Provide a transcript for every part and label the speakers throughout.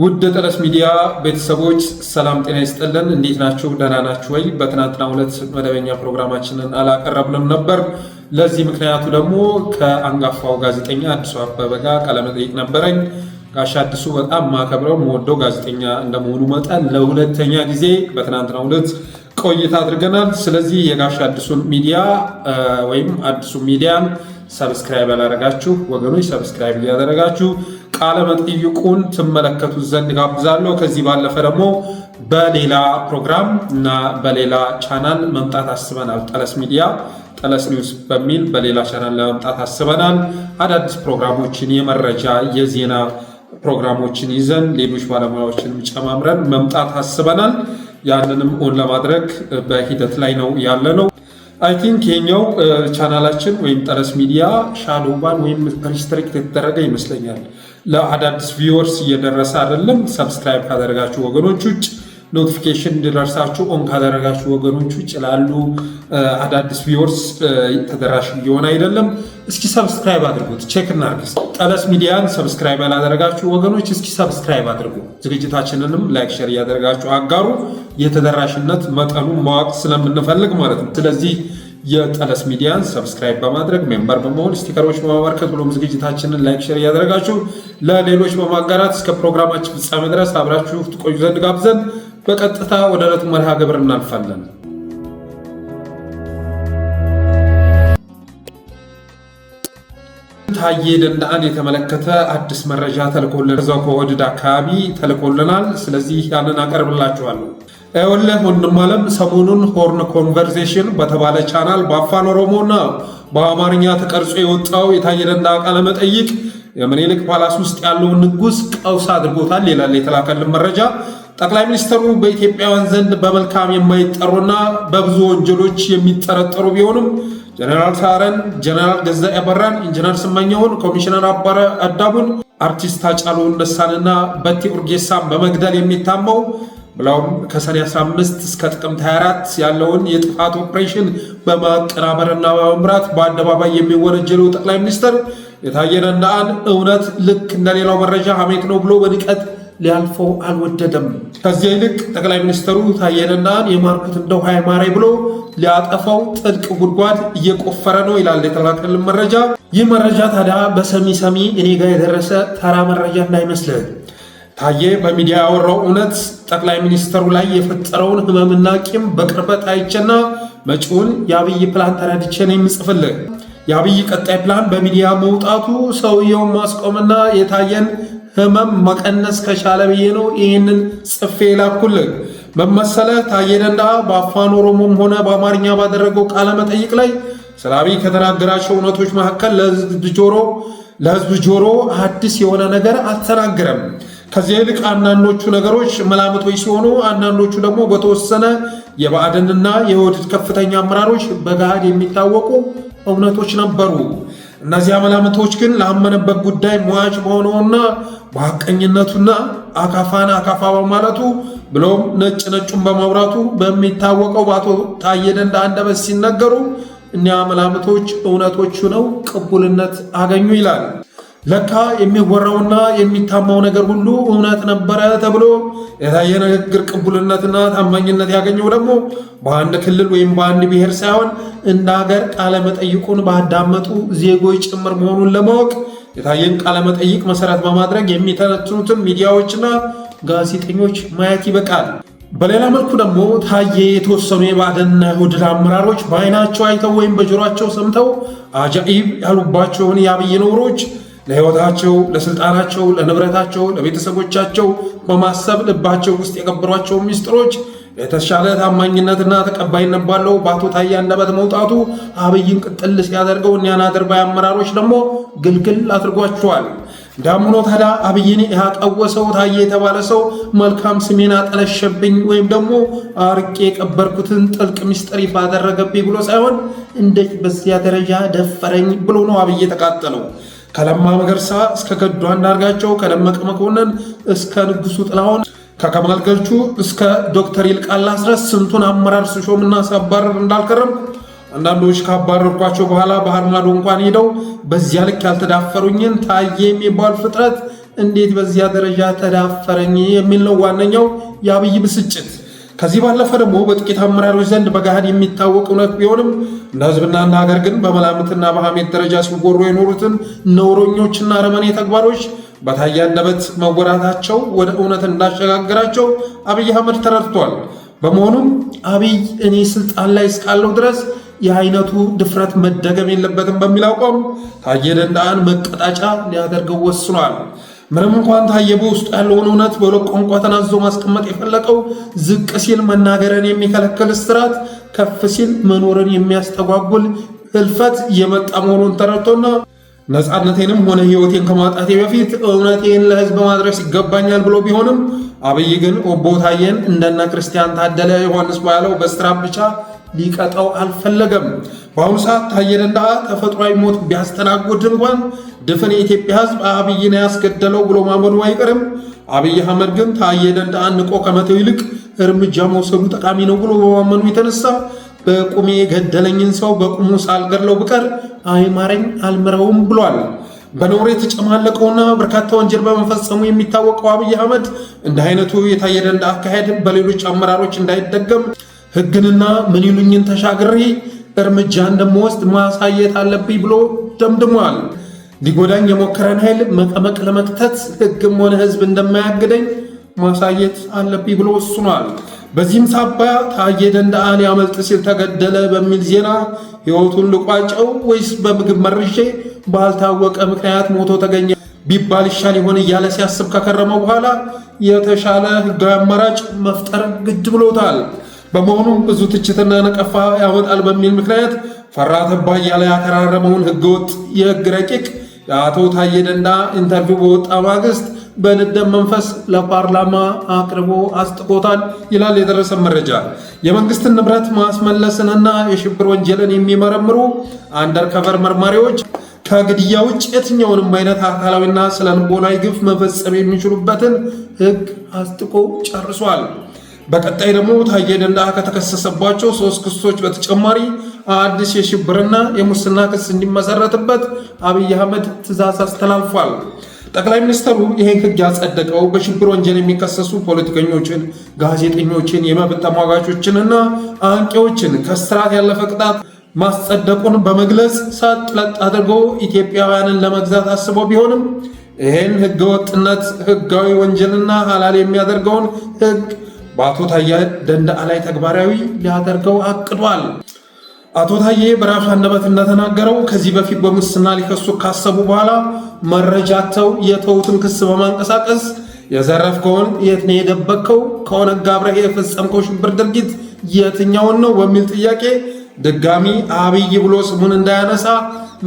Speaker 1: ውድ ጠለስ ሚዲያ ቤተሰቦች ሰላም ጤና ይስጥልን። እንዴት ናችሁ? ደህና ናችሁ ወይ? በትናንትና ሁለት መደበኛ ፕሮግራማችንን አላቀረብንም ነበር። ለዚህ ምክንያቱ ደግሞ ከአንጋፋው ጋዜጠኛ አዲሱ አበበ ጋር ቃለመጠይቅ ነበረኝ። ጋሽ አዲሱ በጣም ማከብረው መወደው ጋዜጠኛ እንደመሆኑ መጠን ለሁለተኛ ጊዜ በትናንትና ሁለት ቆይታ አድርገናል። ስለዚህ የጋሽ አዲሱን ሚዲያ ወይም አዲሱ ሚዲያን ሰብስክራይብ ያላደረጋችሁ ወገኖች ሰብስክራይብ እያደረጋችሁ ቃለ መጠይቁን ትመለከቱት ዘንድ ጋብዛለሁ። ከዚህ ባለፈ ደግሞ በሌላ ፕሮግራም እና በሌላ ቻናል መምጣት አስበናል። ጠለስ ሚዲያ ጠለስ ኒውስ በሚል በሌላ ቻናል ለመምጣት አስበናል። አዳዲስ ፕሮግራሞችን የመረጃ የዜና ፕሮግራሞችን ይዘን ሌሎች ባለሙያዎችንም ጨማምረን መምጣት አስበናል። ያንንም ኦን ለማድረግ በሂደት ላይ ነው ያለ ነው። አይ ቲንክ የኛው ቻናላችን ወይም ጠረስ ሚዲያ ሻሎባን ወይም ሪስትሪክት የተደረገ ይመስለኛል። ለአዳዲስ ቪወርስ እየደረሰ አይደለም። ሰብስክራይብ ካደረጋችሁ ወገኖች ውጭ ኖቲፊኬሽን እንዲደርሳችሁ ኦን ካደረጋችሁ ወገኖች ውጭ ላሉ አዳዲስ ቪወርስ ተደራሽ እየሆነ አይደለም። እስኪ ሰብስክራይብ አድርጉት፣ ቼክ እናርግስ። ጠለስ ሚዲያን ሰብስክራይብ ያላደረጋችሁ ወገኖች እስኪ ሰብስክራይብ አድርጉ። ዝግጅታችንንም ላይክ፣ ሸር እያደረጋችሁ አጋሩ። የተደራሽነት መጠኑን ማወቅ ስለምንፈልግ ማለት ነው። ስለዚህ የጠለስ ሚዲያን ሰብስክራይብ በማድረግ ሜምበር በመሆን ስቲከሮች በማበርከት ብሎም ዝግጅታችንን ላይክ ሸር እያደረጋችሁ ለሌሎች በማጋራት እስከ ፕሮግራማችን ፍጻሜ ድረስ አብራችሁ ትቆዩ ዘንድ ጋብዘን በቀጥታ ወደ ዕለቱ መርሃ ግብር እናልፋለን። ታዬ ደንደአን የተመለከተ አዲስ መረጃ ተልኮልን እዛው ከወድድ አካባቢ ተልኮልናል። ስለዚህ ያንን አቀርብላችኋለሁ። ወለህ ወንድማለም ሰሞኑን ሆርን ኮንቨርሴሽን በተባለ ቻናል በአፋን ኦሮሞና በአማርኛ ተቀርጾ የወጣው የታዬ ደንደአ ቃለ መጠይቅ የምኒልክ ፓላስ ውስጥ ያለውን ንጉሥ ቀውስ አድርጎታል ይላል የተላከልን መረጃ። ጠቅላይ ሚኒስትሩ በኢትዮጵያውያን ዘንድ በመልካም የማይጠሩና በብዙ ወንጀሎች የሚጠረጠሩ ቢሆንም ጀነራል ሳረን፣ ጀነራል ገዛ አበራን፣ ኢንጂነር ስመኘውን፣ ኮሚሽነር አበረ አዳቡን፣ አርቲስት ሃጫሉ ሁንዴሳንና በቲ ኡርጌሳን በመግደል የሚታመው ብለውም ከሰኔ 15 እስከ ጥቅምት 24 ያለውን የጥፋት ኦፕሬሽን በማቀናበርና በመምራት በአደባባይ የሚወነጀለው ጠቅላይ ሚኒስትር የታየ ደንደአን እውነት ልክ እንደሌላው መረጃ ሀሜት ነው ብሎ በንቀት ሊያልፈው አልወደደም። ከዚህ ይልቅ ጠቅላይ ሚኒስትሩ ታየንናን የማርኩት እንደው ሃይማሬ ብሎ ሊያጠፋው ጥልቅ ጉድጓድ እየቆፈረ ነው ይላል የተላከልን መረጃ። ይህ መረጃ ታዲያ በሰሚ ሰሚ እኔ ጋር የደረሰ ተራ መረጃ እንዳይመስልህ። ታየ በሚዲያ ያወራው እውነት ጠቅላይ ሚኒስትሩ ላይ የፈጠረውን ህመምና ቂም በቅርበት አይቼና መጪውን የአብይ ፕላን ተረድቼ ነው የምጽፍልህ። የአብይ ቀጣይ ፕላን በሚዲያ መውጣቱ ሰውየውን ማስቆምና የታየን ህመም መቀነስ ከቻለ ብዬ ነው ይህንን ጽፌ ላኩልን። መመሰለ ታዬ ደንዳ በአፋን ኦሮሞም ሆነ በአማርኛ ባደረገው ቃለ መጠይቅ ላይ ስለ አብይ ከተናገራቸው እውነቶች መካከል ለህዝብ ጆሮ አዲስ የሆነ ነገር አልተናገረም። ከዚያ ይልቅ አንዳንዶቹ ነገሮች መላምቶች ሲሆኑ፣ አንዳንዶቹ ደግሞ በተወሰነ የብአዴንና የኦህዴድ ከፍተኛ አመራሮች በገሃድ የሚታወቁ እውነቶች ነበሩ። እነዚህ መላምቶች ግን ላመነበት ጉዳይ ሙያጭ በሆነውና በሐቀኝነቱና አካፋን አካፋ በማለቱ ብሎም ነጭ ነጩን በማውራቱ በሚታወቀው በአቶ ታዬ ደንደዓ አንደበት ሲነገሩ እኒያ መላምቶች እውነቶቹ ነው ቅቡልነት አገኙ ይላል። ለካ የሚወራውና የሚታማው ነገር ሁሉ እውነት ነበረ ተብሎ የታየ ንግግር ቅቡልነትና ታማኝነት ያገኘው ደግሞ በአንድ ክልል ወይም በአንድ ብሔር ሳይሆን እንደ ሀገር ቃለመጠይቁን ባዳመጡ ዜጎች ጭምር መሆኑን ለማወቅ የታየን ቃለመጠይቅ መሰረት በማድረግ የሚተነትኑትን ሚዲያዎችና ጋዜጠኞች ማየት ይበቃል። በሌላ መልኩ ደግሞ ታየ የተወሰኑ የባደና ውድድ አመራሮች በአይናቸው አይተው ወይም በጆሯቸው ሰምተው አጃኢብ ያሉባቸውን የአብይ ኖሮች ለሕይወታቸው፣ ለስልጣናቸው፣ ለንብረታቸው፣ ለቤተሰቦቻቸው በማሰብ ልባቸው ውስጥ የቀበሯቸው ሚስጥሮች የተሻለ ታማኝነትና ተቀባይነት ባለው በአቶ ታዬ አንደበት መውጣቱ አብይን ቅጥል ሲያደርገው እኒያን አድርባይ አመራሮች ደግሞ ግልግል አድርጓቸዋል። እንዳም ሆኖ ታዲያ አብይን ያጣወሰው ታዬ የተባለ ሰው መልካም ስሜን አጠለሸብኝ ወይም ደግሞ አርቄ የቀበርኩትን ጥልቅ ሚስጥር ባደረገብኝ ብሎ ሳይሆን እንደ በዚያ ደረጃ ደፈረኝ ብሎ ነው አብይ የተቃጠለው። ከለማ መገርሳ እስከ ገዱ አንዳርጋቸው፣ ከደመቀ መኮንን እስከ ንጉሱ ጥላሁን፣ ከከማል ገልቹ እስከ ዶክተር ይልቃል አስረስ ስንቱን አመራር ስሾምና ሳባረር እንዳልከረም አንዳንዶች ካባረርኳቸው በኋላ ባህር ማዶ እንኳን ሄደው በዚያ ልክ ያልተዳፈሩኝን ታዬ የሚባል ፍጥረት እንዴት በዚያ ደረጃ ተዳፈረኝ የሚል ነው ዋነኛው የአብይ ብስጭት። ከዚህ ባለፈ ደግሞ በጥቂት አመራሮች ዘንድ በገሃድ የሚታወቅ እውነት ቢሆንም እንደ ህዝብና እንደ ሀገር ግን በመላምትና በሐሜት ደረጃ ሲወሩ የኖሩትን ነውረኞችና ረመኔ ተግባሮች በታየ አንደበት መወራታቸው ወደ እውነት እንዳሸጋገራቸው አብይ አህመድ ተረድቷል። በመሆኑም አብይ እኔ ስልጣን ላይ እስካለው ድረስ የአይነቱ ድፍረት መደገም የለበትም በሚል አቋም ታየ ደንደአን መቀጣጫ ሊያደርገው ወስኗል። ምንም እንኳን ታዬ በውስጡ ያለውን እውነት በሁለት ቋንቋ ተናዞ ማስቀመጥ የፈለቀው ዝቅ ሲል መናገርን የሚከለክል ስርዓት፣ ከፍ ሲል መኖርን የሚያስተጓጉል ህልፈት የመጣ መሆኑን ተረድቶና ነፃነቴንም ሆነ ህይወቴን ከማጣቴ በፊት እውነቴን ለህዝብ ማድረስ ይገባኛል ብሎ ቢሆንም አብይ ግን ኦቦ ታዬን እንደነ ክርስቲያን ታደለ ዮሐንስ ባያለው በስራ ብቻ ሊቀጠው አልፈለገም። በአሁኑ ሰዓት ታዬ ተፈጥሯዊ ሞት ቢያስተናግድ እንኳን ድፍን የኢትዮጵያ ሕዝብ አብይን ያስገደለው ብሎ ማመኑ አይቀርም። አብይ አህመድ ግን ታዬ ደንደዓን ንቆ ከመተው ይልቅ እርምጃ መውሰዱ ጠቃሚ ነው ብሎ በማመኑ የተነሳ በቁሜ የገደለኝን ሰው በቁሙ ሳልገድለው ብቀር አይማረኝ አልምረውም ብሏል። በነውር የተጨማለቀውና በርካታ ወንጀል በመፈጸሙ የሚታወቀው አብይ አህመድ እንደ አይነቱ የታየ አካሄድ በሌሎች አመራሮች እንዳይደገም ሕግንና ምን ይሉኝን ተሻግሬ እርምጃ እንደምወስድ ማሳየት አለብኝ ብሎ ደምድሟል። ሊጎዳኝ የሞከረን ኃይል መቀመቅ ለመክተት ሕግም ሆነ ሕዝብ እንደማያግደኝ ማሳየት አለብኝ ብሎ ወስኗል። በዚህም ሳቢያ ታዬ ደንደአ ሊያመልጥ ሲል ተገደለ በሚል ዜና ሕይወቱን ልቋጨው ወይስ በምግብ መርሼ ባልታወቀ ምክንያት ሞቶ ተገኘ ቢባል ይሻል ይሆን እያለ ሲያስብ ከከረመ በኋላ የተሻለ ሕጋዊ አማራጭ መፍጠር ግድ ብሎታል። በመሆኑም ብዙ ትችትና ነቀፋ ያመጣል በሚል ምክንያት ፈራ ተባ እያለ ያከራረመውን ህገወጥ የህግ ረቂቅ የአቶ ታዬ ደንዳ ኢንተርቪው በወጣ ማግስት በንደም መንፈስ ለፓርላማ አቅርቦ አስጥቆታል ይላል የደረሰ መረጃ። የመንግስትን ንብረት ማስመለስንና የሽብር ወንጀልን የሚመረምሩ አንደርከቨር መርማሪዎች ከግድያ ውጭ የትኛውንም አይነት አካላዊና ስለንቦላይ ግፍ መፈጸም የሚችሉበትን ህግ አስጥቆ ጨርሷል። በቀጣይ ደግሞ ታዬ ደንደአ ከተከሰሰባቸው ሶስት ክሶች በተጨማሪ አዲስ የሽብርና የሙስና ክስ እንዲመሰረትበት አብይ አህመድ ትዕዛዝ አስተላልፏል። ጠቅላይ ሚኒስትሩ ይህን ሕግ ያጸደቀው በሽብር ወንጀል የሚከሰሱ ፖለቲከኞችን፣ ጋዜጠኞችን፣ የመብት ተሟጋቾችንና አንቂዎችን ከስርዓት ያለፈ ቅጣት ማስጸደቁን በመግለጽ ሳጥለጥ አድርጎ ኢትዮጵያውያንን ለመግዛት አስቦ ቢሆንም ይህን ሕገወጥነት ሕጋዊ ወንጀልና ሀላል የሚያደርገውን ሕግ በአቶ ታዬ ደንደአ ላይ ተግባራዊ ሊያደርገው አቅዷል። አቶ ታዬ በራሱ አንደበት እንደተናገረው ከዚህ በፊት በሙስና ሊከሱ ካሰቡ በኋላ መረጃተው የተውትን ክስ በማንቀሳቀስ የዘረፍከውን የት ነው የደበቅከው? ከኦነግ ጋር የፈጸምከው ሽብር ድርጊት የትኛውን ነው? በሚል ጥያቄ ድጋሚ አብይ ብሎ ስሙን እንዳያነሳ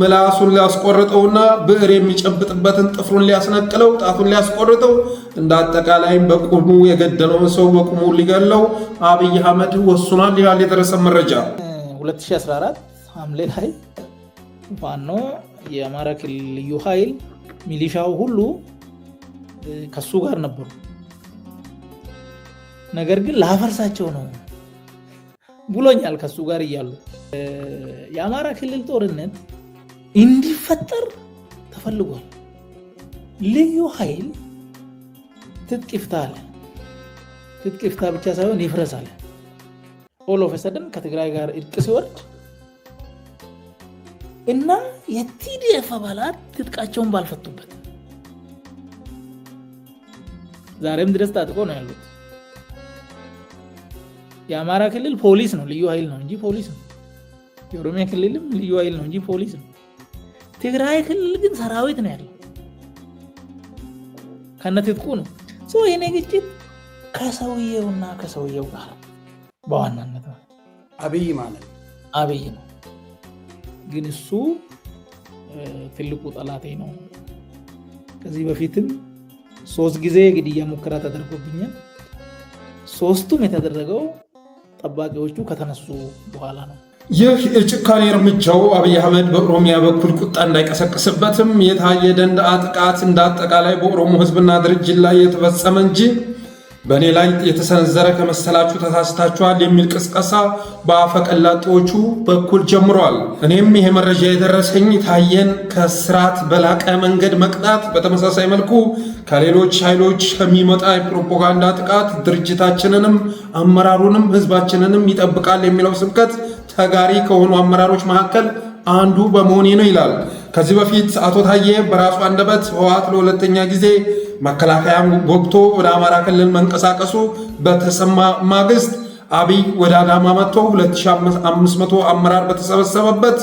Speaker 1: ምላሱን ሊያስቆርጠውና ብዕር የሚጨብጥበትን ጥፍሩን ሊያስነቅለው ጣቱን ሊያስቆርጠው እንደ አጠቃላይም በቁሙ የገደለውን ሰው በቁሙ ሊገለው አብይ አህመድ
Speaker 2: ወስኗል ይላል የደረሰ መረጃ። 2014 ሐምሌ ላይ ፋኖ የአማራ ክልል ልዩ ኃይል ሚሊሻው ሁሉ ከሱ ጋር ነበሩ። ነገር ግን ላፈርሳቸው ነው ብሎኛል ከሱ ጋር እያሉ የአማራ ክልል ጦርነት እንዲፈጠር ተፈልጓል። ልዩ ኃይል ትጥቅ ይፍታ አለ። ትጥቅ ይፍታ ብቻ ሳይሆን ይፍረስ አለ። ኦል ኦፍ ሰደን ከትግራይ ጋር እርቅ ሲወርድ እና የቲዲኤፍ አባላት ትጥቃቸውን ባልፈቱበት ዛሬም ድረስ ታጥቆ ነው ያሉት። የአማራ ክልል ፖሊስ ነው ልዩ ኃይል ነው እንጂ ፖሊስ ነው። የኦሮሚያ ክልልም ልዩ ኃይል ነው እንጂ ፖሊስ ነው። ትግራይ ክልል ግን ሰራዊት ነው ያለው ከነትጥቁ ነው። ይሄኔ ግጭት ከሰውየውና ከሰውየው ጋር በዋናነት አብይ ማለት አብይ ነው። ግን እሱ ትልቁ ጠላቴ ነው። ከዚህ በፊትም ሶስት ጊዜ ግድያ ሙከራ ተደርጎብኛል። ሶስቱም የተደረገው ጠባቂዎቹ ከተነሱ በኋላ ነው። ይህ የጭካኔ
Speaker 1: እርምጃው አብይ አህመድ በኦሮሚያ በኩል ቁጣ እንዳይቀሰቅስበትም የታየ ደንዳአ ጥቃት እንደ አጠቃላይ በኦሮሞ ህዝብና ድርጅት ላይ የተፈጸመ እንጂ በእኔ ላይ የተሰነዘረ ከመሰላችሁ ተሳስታችኋል የሚል ቅስቀሳ በአፈቀላጤዎቹ በኩል ጀምሯል። እኔም ይሄ መረጃ የደረሰኝ ታየን ከስርዓት በላቀ መንገድ መቅጣት፣ በተመሳሳይ መልኩ ከሌሎች ኃይሎች ከሚመጣ የፕሮፓጋንዳ ጥቃት ድርጅታችንንም አመራሩንም ህዝባችንንም ይጠብቃል የሚለው ስብከት ተጋሪ ከሆኑ አመራሮች መካከል አንዱ በመሆኔ ነው ይላል። ከዚህ በፊት አቶ ታዬ በራሱ አንደበት ህወሓት ለሁለተኛ ጊዜ መከላከያ ወቅቶ ወደ አማራ ክልል መንቀሳቀሱ በተሰማ ማግስት አብይ ወደ አዳማ መጥቶ 2500 አመራር በተሰበሰበበት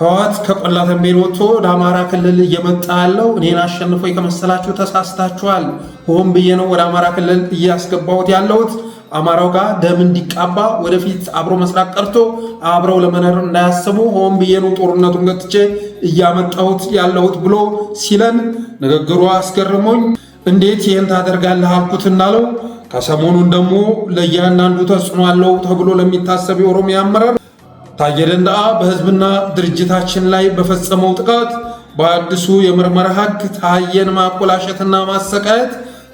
Speaker 1: ህወሓት ከቆላ ተንቤን ወጥቶ ወደ አማራ ክልል እየመጣ ያለው እኔን አሸንፎ ከመሰላችሁ ተሳስታችኋል። ሆን ብዬ ነው ወደ አማራ ክልል እያስገባሁት ያለሁት አማራው ጋር ደም እንዲቃባ ወደፊት አብሮ መስራት ቀርቶ አብረው ለመኖር እንዳያስቡ ሆን ብዬ ነው ጦርነቱን ገጥቼ እያመጣሁት ያለሁት ብሎ ሲለን ንግግሩ አስገርሞኝ እንዴት ይህን ታደርጋለህ አልኩት እናለው። ከሰሞኑን ደግሞ ለእያንዳንዱ ተጽዕኖ አለው ተብሎ ለሚታሰብ የኦሮሚያ አመራር ታየ ደንደዓ በህዝብና ድርጅታችን ላይ በፈጸመው ጥቃት በአዲሱ የምርመራ ህግ ታየን ማቆላሸትና ማሰቃየት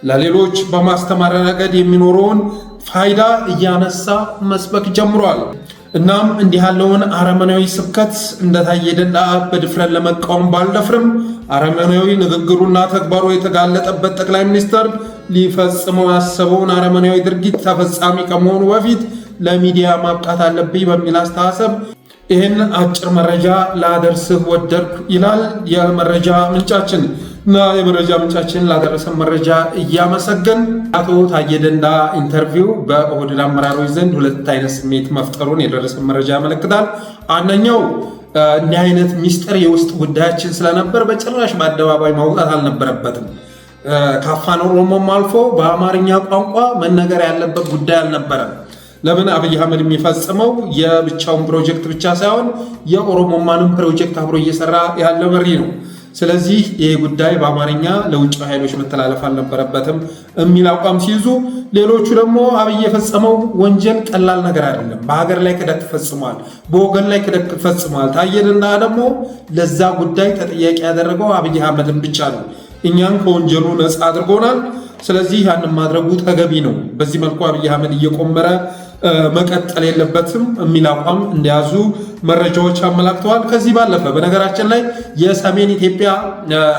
Speaker 1: ለሌሎች በማስተማር ረገድ የሚኖረውን ፋይዳ እያነሳ መስበክ ጀምሯል። እናም እንዲህ ያለውን አረመናዊ ስብከት እንደ ታየ ደንደዓ በድፍረት ለመቃወም ባልደፍርም አረመናዊ ንግግሩና ተግባሩ የተጋለጠበት ጠቅላይ ሚኒስትር ሊፈጽመው ያሰበውን አረመናዊ ድርጊት ተፈጻሚ ከመሆኑ በፊት ለሚዲያ ማብቃት አለብኝ በሚል አስተሳሰብ ይህን አጭር መረጃ ላደርስህ ወደድኩ ይላል የመረጃ ምንጫችን እና የመረጃ ምንጫችን ላደረሰን መረጃ እያመሰገን አቶ ታዬ ደንዳ ኢንተርቪው በኦህዴድ አመራሮች ዘንድ ሁለት አይነት ስሜት መፍጠሩን የደረሰን መረጃ ያመለክታል። አንደኛው እንዲህ አይነት ሚስጥር የውስጥ ጉዳያችን ስለነበር በጭራሽ በአደባባይ ማውጣት አልነበረበትም። ከአፋን ኦሮሞም አልፎ በአማርኛ ቋንቋ መነገር ያለበት ጉዳይ አልነበረም። ለምን አብይ አህመድ የሚፈጽመው የብቻውን ፕሮጀክት ብቻ ሳይሆን የኦሮሞማንም ፕሮጀክት አብሮ እየሰራ ያለ መሪ ነው። ስለዚህ ይህ ጉዳይ በአማርኛ ለውጭ ኃይሎች መተላለፍ አልነበረበትም የሚል አቋም ሲይዙ፣ ሌሎቹ ደግሞ አብይ የፈጸመው ወንጀል ቀላል ነገር አይደለም፣ በሀገር ላይ ክደት ፈጽሟል፣ በወገን ላይ ክደት ፈጽሟል። ታየንና ደግሞ ለዛ ጉዳይ ተጠያቂ ያደረገው አብይ አህመድን ብቻ ነው። እኛን ከወንጀሉ ነፃ አድርጎናል። ስለዚህ ያንን ማድረጉ ተገቢ ነው። በዚህ መልኩ አብይ አህመድ እየቆመረ መቀጠል የለበትም የሚል አቋም እንደያዙ መረጃዎች አመላክተዋል። ከዚህ ባለፈ በነገራችን ላይ የሰሜን ኢትዮጵያ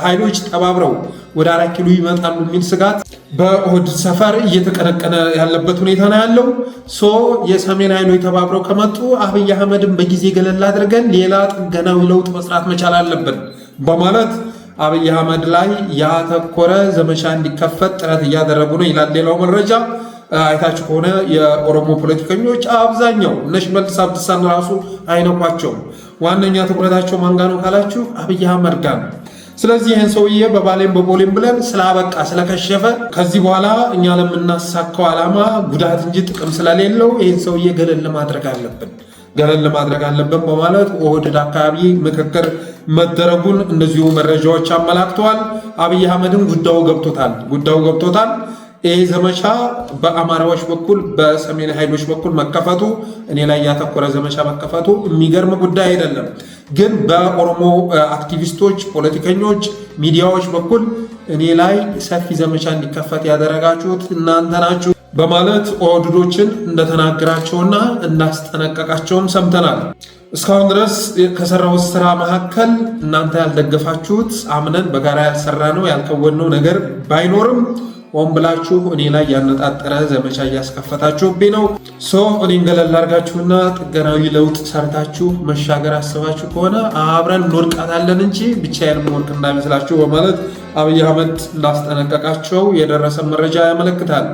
Speaker 1: ኃይሎች ተባብረው ወደ አራት ኪሎ ይመጣሉ የሚል ስጋት በኦህድ ሰፈር እየተቀነቀነ ያለበት ሁኔታ ነው ያለው። ሶ የሰሜን ኃይሎች ተባብረው ከመጡ አብይ አህመድን በጊዜ ገለል አድርገን ሌላ ጥገናዊ ለውጥ መስራት መቻል አለብን በማለት አብይ አህመድ ላይ ያተኮረ ዘመቻ እንዲከፈት ጥረት እያደረጉ ነው ይላል ሌላው መረጃ። አይታችሁ ከሆነ የኦሮሞ ፖለቲከኞች አብዛኛው እነ ሽመልስ አብዲሳን ራሱ አይነቋቸውም። ዋነኛ ትኩረታቸው ማንጋ ነው ካላችሁ አብይ አህመድ ጋ ነው። ስለዚህ ይህን ሰውዬ በባሌም በቦሌም ብለን ስላበቃ ስለከሸፈ ከዚህ በኋላ እኛ ለምናሳካው ዓላማ ጉዳት እንጂ ጥቅም ስለሌለው ይህን ሰውዬ ገለል ማድረግ አለብን ገለል ማድረግ አለብን በማለት ኦህዴድ አካባቢ ምክክር መደረጉን እንደዚሁ መረጃዎች አመላክተዋል። አብይ አህመድን ጉዳዩ ገብቶታል ጉዳዩ ገብቶታል። ይህ ዘመቻ በአማራዎች በኩል በሰሜን ኃይሎች በኩል መከፈቱ እኔ ላይ ያተኮረ ዘመቻ መከፈቱ የሚገርም ጉዳይ አይደለም። ግን በኦሮሞ አክቲቪስቶች፣ ፖለቲከኞች፣ ሚዲያዎች በኩል እኔ ላይ ሰፊ ዘመቻ እንዲከፈት ያደረጋችሁት እናንተ ናችሁ በማለት ኦህዴዶችን እንደተናገራቸውና እንዳስጠነቀቃቸውም ሰምተናል። እስካሁን ድረስ ከሰራሁት ስራ መካከል እናንተ ያልደገፋችሁት አምነን በጋራ ያልሰራ ነው ያልከወነው ነገር ባይኖርም ሆን ብላችሁ እኔ ላይ ያነጣጠረ ዘመቻ እያስከፈታችሁብኝ ነው። ሶ እኔን ገለል አድርጋችሁና ጥገናዊ ለውጥ ሰርታችሁ መሻገር አስባችሁ ከሆነ አብረን እንወድቃታለን እንጂ ብቻዬን መወድቅ እንዳይመስላችሁ በማለት አብይ አህመድ እንዳስጠነቀቃቸው የደረሰ መረጃ ያመለክታል።